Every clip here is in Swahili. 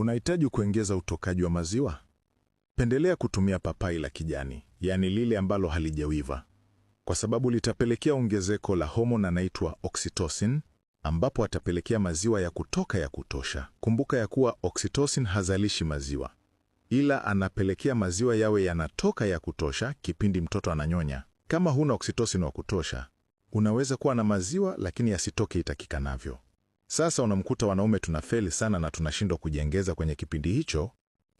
Unahitaji kuongeza utokaji wa maziwa? Pendelea kutumia papai la kijani, yaani lile ambalo halijawiva, kwa sababu litapelekea ongezeko la homoni anaitwa oxytocin, ambapo atapelekea maziwa ya kutoka ya kutosha. Kumbuka ya kuwa oxytocin hazalishi maziwa, ila anapelekea maziwa yawe yanatoka ya kutosha kipindi mtoto ananyonya. Kama huna oxytocin wa kutosha, unaweza kuwa na maziwa lakini yasitoke itakikanavyo. Sasa unamkuta wanaume tunafeli sana na tunashindwa kujiengeza kwenye kipindi hicho.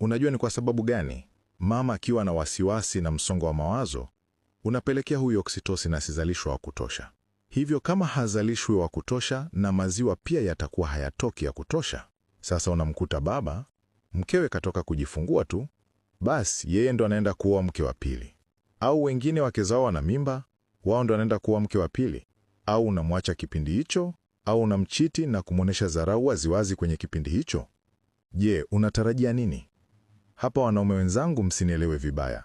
Unajua ni kwa sababu gani? Mama akiwa na wasiwasi na msongo wa mawazo unapelekea huyu na asizalishwa wa kutosha. Hivyo kama hazalishwi wa kutosha, na maziwa pia yatakuwa hayatoki ya kutosha. Sasa unamkuta baba, mkewe katoka kujifungua tu, basi yeye ndo anaenda kuoa mke wa pili, au wengine wake zao wana mimba, wao ndo anaenda kuoa mke wa pili, au unamwacha kipindi hicho au unamchiti na kumwonyesha dharau waziwazi kwenye kipindi hicho? Je, unatarajia nini? Hapa wanaume wenzangu, msinielewe vibaya.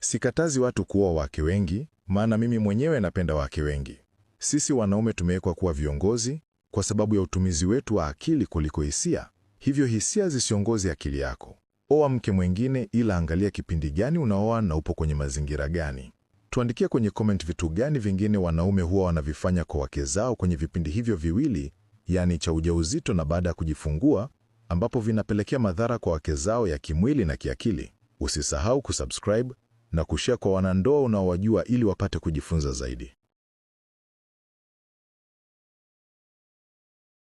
Sikatazi watu kuoa wake wengi, maana mimi mwenyewe napenda wake wengi. Sisi wanaume tumewekwa kuwa viongozi kwa sababu ya utumizi wetu wa akili kuliko hisia, hivyo hisia zisiongoze akili yako. Oa mke mwingine, ila angalia kipindi gani unaoa na upo kwenye mazingira gani. Tuandikie kwenye comment vitu gani vingine wanaume huwa wanavifanya kwa wake zao kwenye vipindi hivyo viwili, yaani cha ujauzito na baada ya kujifungua, ambapo vinapelekea madhara kwa wake zao ya kimwili na kiakili. Usisahau kusubscribe na kushare kwa wanandoa unaowajua ili wapate kujifunza zaidi.